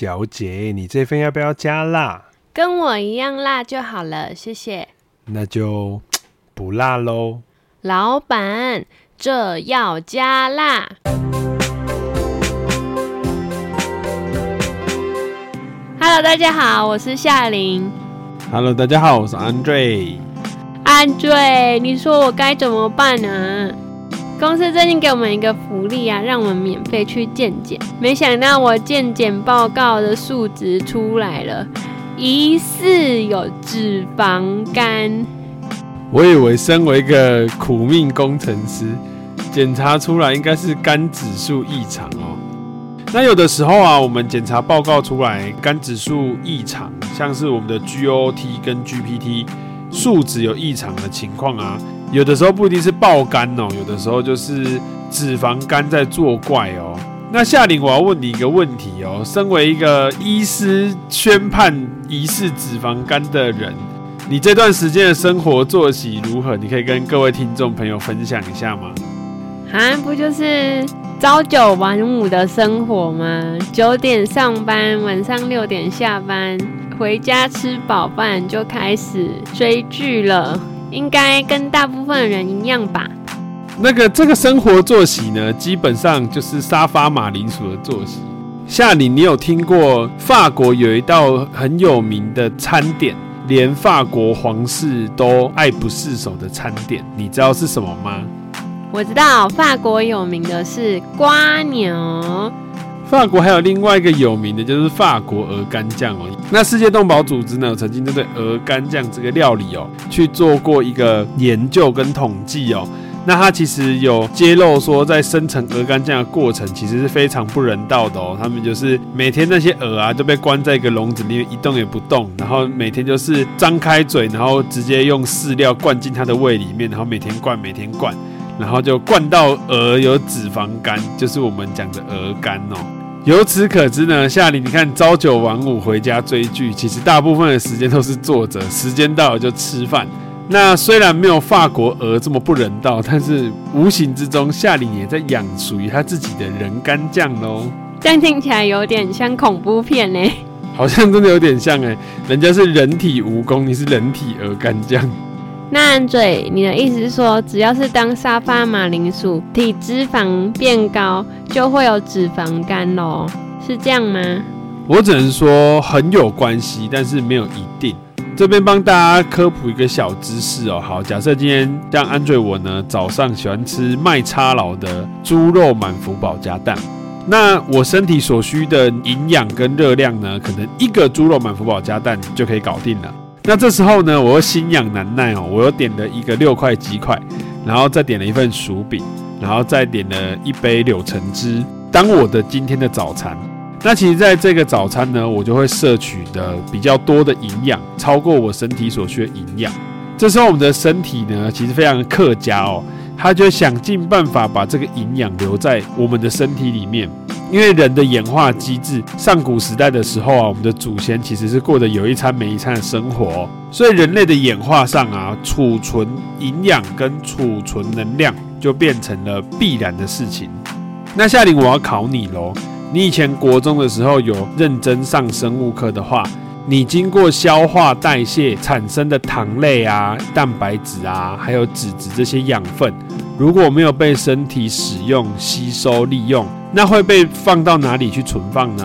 小姐，你這份要不要加辣？跟我一樣辣就好了，謝謝。那就不辣嘍。老闆，這要加辣。 Hello，大家好，我是夏琳。Hello，大家好，我是 Andre。Andre，你說我該怎麼辦呢、啊？公司最近給我們一個福利啊，讓我們免費去健檢。沒想到我健檢報告的數值出來了，疑似有脂肪肝。我以為身為一個苦命工程師，檢查出來應該是肝指數異常哦、喔。那有的時候啊，我們檢查報告出來肝指數異常，像是我們的 GOT 跟 GPT 數值有異常的情況啊。有的時候不一定是爆肝喔，有的時候就是脂肪肝在作怪喔。那夏琳，我要問你一個問題喔，身為一個醫師宣判，疑似脂肪肝的人，你這段時間的生活作息如何？你可以跟各位聽眾朋友分享一下嗎？啊，不就是朝九晚五的生活嗎？九點上班，晚上六點下班，回家吃飽飯就開始追劇了。應該跟大部分人一樣吧。那個這個生活作息呢，基本上就是沙發馬鈴薯的作息。夏琳，你有聽過法國有一道很有名的餐點，連法國皇室都愛不釋手的餐點，你知道是什麼嗎？我知道，法國有名的是蝸牛。法國還有另外一個有名的，就是法國鵝肝醬哦。那世界動保組織呢，曾經就對鵝肝醬這個料理哦、喔，去做過一個研究跟統計哦。那它其實有揭露說，在生成鵝肝醬的過程，其實是非常不人道的哦、喔。他們就是每天那些鵝啊，都被關在一個籠子裡面，一動也不動，然後每天就是張開嘴，然後直接用飼料灌進它的胃裡面，然後每天灌，每天灌，然後就灌到鵝有脂肪肝，就是我們講的鵝肝哦、喔。由此可知呢，夏琳，你看朝九晚五回家追劇，其實大部分的時間都是坐着，時間到了就吃飯。那雖然沒有法國鵝這麼不人道，但是無形之中，夏琳也在養屬於他自己的人肝醬咯，這樣聽起來有點像恐怖片呢、欸，好像真的有點像哎、欸，人家是人體蜈蚣，你是人體鵝肝醬。那 Andre，你的意思是說，只要是當沙發馬鈴薯，體脂肪變高，就會有脂肪肝嘍？是這樣嗎？我只能說很有關係，但是沒有一定。這邊幫大家科普一個小知識哦。好，假設今天像 Andre 我呢，早上喜歡吃麥差佬的豬肉滿福堡加蛋，那我身體所需的營養跟熱量呢，可能一個豬肉滿福堡加蛋就可以搞定了。那這時候呢，我又心癢難耐哦，我又點了一個六塊雞塊，然後再點了一份薯餅，然後再點了一杯柳橙汁，當我的今天的早餐。那其實，在這個早餐呢，我就會攝取的比較多的營養，超過我身體所需的營養。這時候，我們的身體呢，其實非常的客家哦。他就想盡辦法把這個營養留在我們的身體裡面，因為人的演化機制，上古時代的時候啊，我們的祖先其實是過得有一餐沒一餐的生活哦，所以人類的演化上啊，儲存營養跟儲存能量就變成了必然的事情。那夏琳，我要考你嘍，你以前國中的時候有認真上生物課的話，你經過消化代謝產生的糖類啊、蛋白質啊，還有脂質這些養分，如果沒有被身體使用、吸收利用，那會被放到哪裡去存放呢？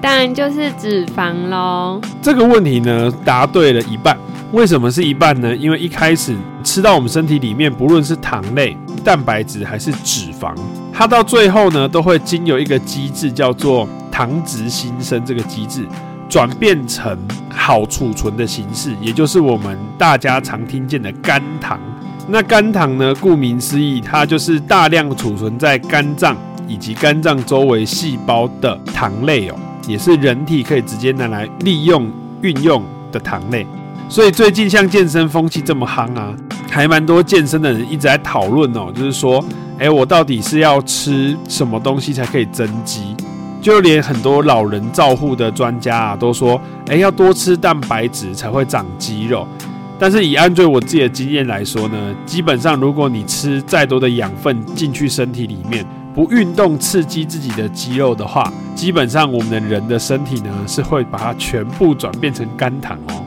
當然就是脂肪嘍。這個問題呢，答對了一半。為什麼是一半呢？因為一開始吃到我們身體裡面，不論是糖類、蛋白質還是脂肪，它到最後呢，都會經由一個機制叫做糖質新生這個機制。轉變成好儲存的形式，也就是我們大家常聽見的肝糖。那肝糖呢？顧名思義，它就是大量儲存在肝臟以及肝臟周圍細胞的糖類哦，也是人體可以直接拿來利用運用的糖類。所以最近像健身風氣這麼夯啊，還蠻多健身的人一直在討論哦，就是說，哎、欸，我到底是要吃什麼東西才可以增肌？就連很多老人照護的專家啊，都說：“誒、欸、要多吃蛋白質才會長肌肉。”但是以按照我自己的經驗來說呢，基本上如果你吃再多的養分進去身體裡面，不運動刺激自己的肌肉的話，基本上我們的人的身體呢是會把它全部轉變成肝糖哦。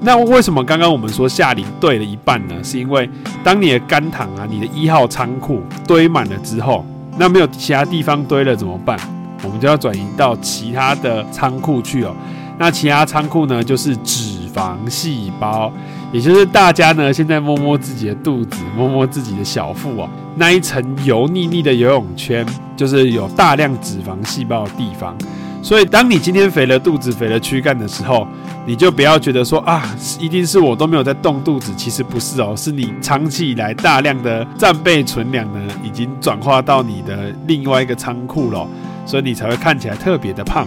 那為什麼剛剛我們說夏琳對了一半呢？是因為當你的肝糖啊，你的一號倉庫堆滿了之後，那沒有其他地方堆了怎麼辦？我們就要轉移到其他的倉庫去哦。那其他倉庫呢，就是脂肪細胞，也就是大家呢現在摸摸自己的肚子，摸摸自己的小腹哦，那一層油膩膩的游泳圈，就是有大量脂肪細胞的地方。所以，當你今天肥了肚子、肥了軀幹的時候，你就不要覺得說啊，一定是我都沒有在動肚子，其實不是哦，是你長期以來大量的戰備存量呢，已經轉化到你的另外一個倉庫了哦。所以你才會看起來特別的胖，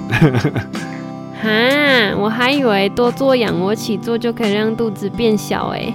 哈！我還以為多做仰臥起坐就可以讓肚子變小誒，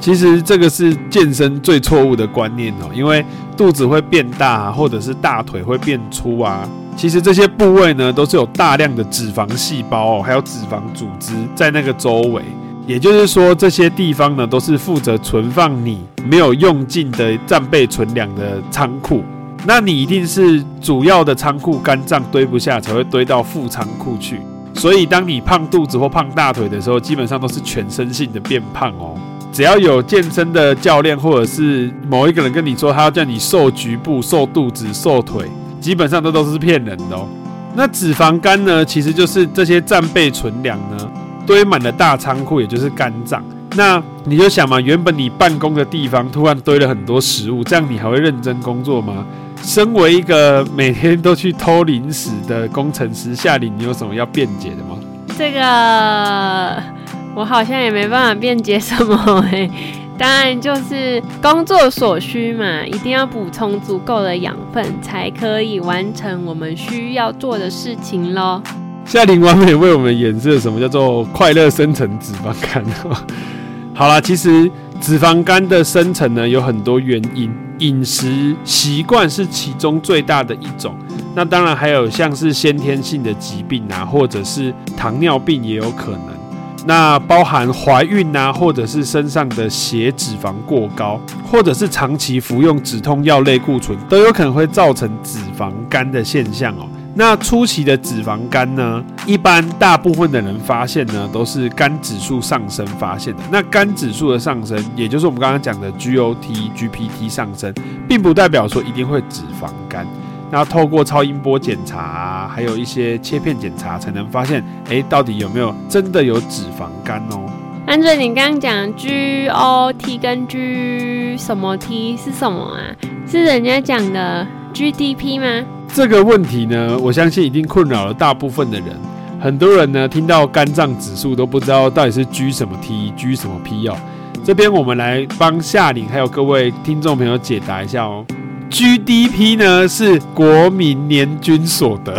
其實這個是健身最錯誤的觀念哦，因為肚子會變大啊，或者是大腿會變粗啊。其實這些部位呢，都是有大量的脂肪細胞哦，還有脂肪組織在那個周圍。也就是說，這些地方呢，都是負責存放你沒有用盡的戰備存糧的倉庫。那你一定是主要的倉庫肝臟堆不下才會堆到副倉庫去，所以當你胖肚子或胖大腿的時候，基本上都是全身性的變胖哦。只要有健身的教練或者是某一個人跟你說他要叫你瘦局部、瘦肚子、瘦腿，基本上這都，都是騙人的哦。那脂肪肝呢，其實就是這些戰備存糧呢堆滿了大倉庫，也就是肝臟。那你就想嘛，原本你辦公的地方突然堆了很多食物，這樣你還會認真工作嗎？身為一個每天都去偷零食的工程師夏琳，你有什麼要辯解的嗎？這個我好像也沒辦法辯解什麼哎、欸，當然就是工作所需嘛，一定要補充足夠的養分才可以完成我們需要做的事情咯。夏琳完美為我們演示了什麼叫做快樂生成脂肪肝。呵呵好了，其實。脂肪肝的生成呢，有很多原因，飲食習慣是其中最大的一種。那當然還有像是先天性的疾病啊，或者是糖尿病也有可能。那包含懷孕啊，或者是身上的血脂肪過高，或者是長期服用止痛藥類固醇，都有可能會造成脂肪肝的現象哦。那初期的脂肪肝呢，一般大部分的人發現呢，都是肝指數上升發現的。那肝指數的上升，也就是我們剛剛講的 GOT、GPT 上升，並不代表說一定會脂肪肝。那透過超音波檢查、啊，還有一些切片檢查，才能發現，哎、欸，到底有沒有真的有脂肪肝哦、喔？Andre，你剛剛講 GOT 跟 G 什麼 T 是什麼啊？是人家講的 GDP 嗎？這個問題呢，我相信已經困擾了大部分的人。很多人呢，聽到肝臟指數都不知道到底是 G 什麼 T，G 什麼 P 哦。這邊我們來幫夏琳還有各位聽眾朋友解答一下哦。GDP 呢是國民年均所得，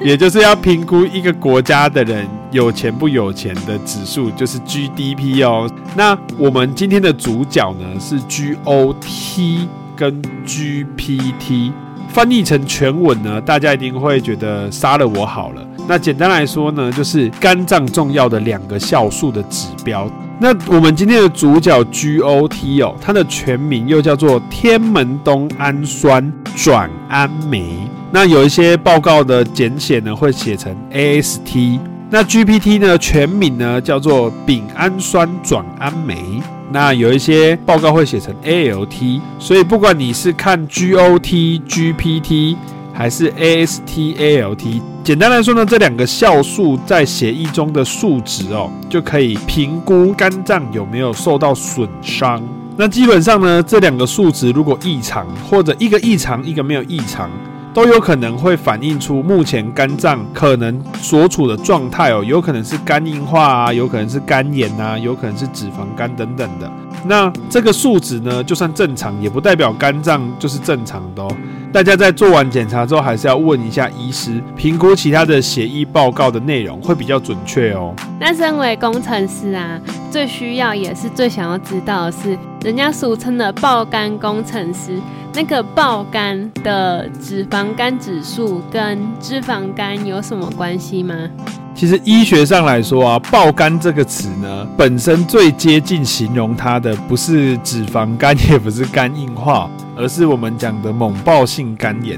也就是要評估一個國家的人有錢不有錢的指數，就是 GDP 哦。那我們今天的主角呢是 GOT 跟 GPT。翻譯成全文呢，大家一定會覺得殺了我好了。那簡單來說呢，就是肝臟重要的兩個酵素的指標。那我們今天的主角 GOT 哦，它的全名又叫做天門冬氨酸轉氨酶。那有一些報告的簡寫呢，會寫成 AST。那 GPT 呢？全名呢叫做丙氨酸轉氨酶。那有一些報告會寫成 ALT，所以不管你是看 GOT、GPT 還是 AST、ALT，簡單來說呢，這兩個酵素在血液中的數值哦，就可以評估肝臟有沒有受到損傷。那基本上呢，這兩個數值如果異常，或者一個異常，一個沒有異常。都有可能會反映出目前肝臟可能所處的狀態哦，有可能是肝硬化啊，有可能是肝炎啊，有可能是脂肪肝等等的。那這個數值呢，就算正常，也不代表肝臟就是正常的哦。大家在做完檢查之後，還是要問一下醫師，評估其他的血液報告的內容會比較準確哦。那身為工程師啊，最需要也是最想要知道的是，人家俗稱的“爆肝工程師”。那個爆肝的脂肪肝指數跟脂肪肝有什麼關係嗎？其實醫學上來說啊，爆肝這個詞呢，本身最接近形容它的，不是脂肪肝，也不是肝硬化，而是我們講的猛爆性肝炎。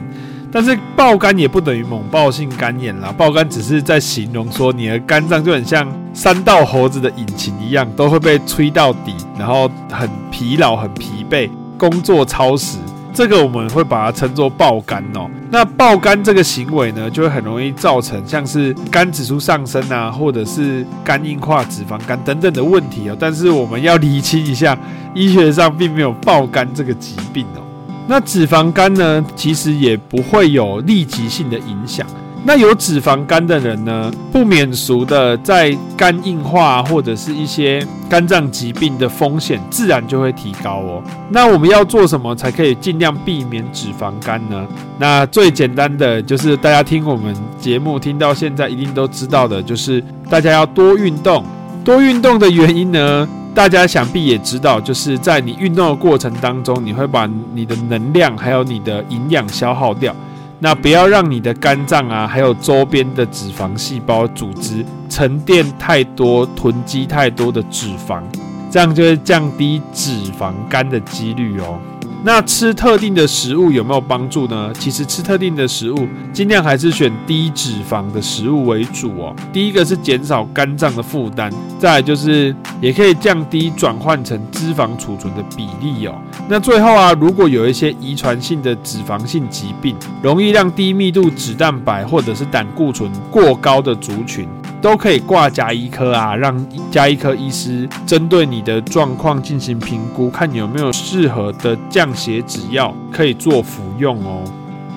但是爆肝也不等於猛爆性肝炎啦，爆肝只是在形容說你的肝臟就很像三道猴子的引擎一樣，都會被吹到底，然後很疲勞、很疲憊，工作超時。這個我們會把它稱作爆肝哦，那爆肝這個行為呢，就會很容易造成像是肝指數上升啊，或者是肝硬化、脂肪肝等等的問題哦。但是我們要理清一下，醫學上並沒有爆肝這個疾病哦。那脂肪肝呢，其實也不會有立即性的影響。那有脂肪肝的人呢，不免俗的，在肝硬化或者是一些肝臟疾病的風險，自然就會提高哦。那我們要做什麼才可以盡量避免脂肪肝呢？那最簡單的就是大家聽我們節目聽到現在一定都知道的，就是大家要多運動。多運動的原因呢，大家想必也知道，就是在你運動的過程當中，你會把你的能量還有你的營養消耗掉。那不要讓你的肝臟啊，還有周邊的脂肪細胞組織沉澱太多，囤積太多的脂肪，這樣就會降低脂肪肝的幾率哦。那吃特定的食物有沒有幫助呢？其實吃特定的食物，盡量還是選低脂肪的食物為主哦。第一個是減少肝臟的負擔，再來就是也可以降低轉換成脂肪儲存的比例哦。那最後啊，如果有一些遺傳性的脂肪性疾病，容易讓低密度脂蛋白或者是膽固醇過高的族群，都可以掛家醫科啊，讓家醫科醫師針對你的狀況進行評估，看你有沒有適合的降血脂藥可以做服用哦。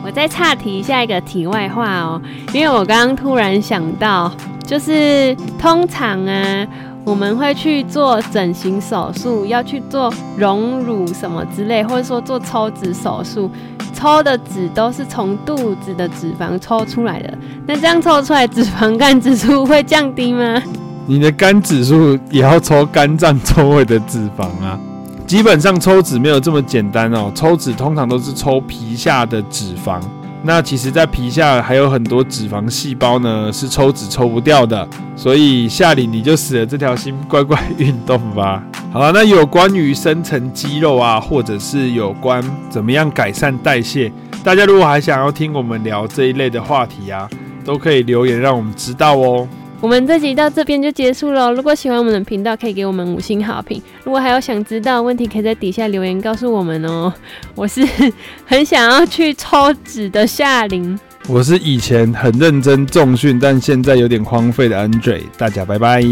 我再插一下一個題外話哦，因為我剛剛突然想到，就是通常啊。我們會去做整形手術，要去做隆乳什麼之類，或者說做抽脂手術，抽的脂都是從肚子的脂肪抽出來的。那這樣抽出來，脂肪肝指數會降低嗎？你的肝指數也要抽肝臟周圍的脂肪啊。基本上抽脂沒有這麼簡單哦，抽脂通常都是抽皮下的脂肪。那其實，在皮下還有很多脂肪細胞呢，是抽脂抽不掉的，所以夏琳你就死了這條心，乖乖運動吧。好了，啊，那有關於深層肌肉啊，或者是有關怎麼樣改善代謝，大家如果還想要聽我們聊這一類的話題啊，都可以留言讓我們知道哦。我們這集到這邊就結束了哦。如果喜歡我們的頻道，可以給我們五星好評。如果還有想知道問題，可以在底下留言告訴我們哦。我是很想要去抽脂的夏琳，我是以前很認真重訓，但現在有點荒廢的 Andre。大家拜拜。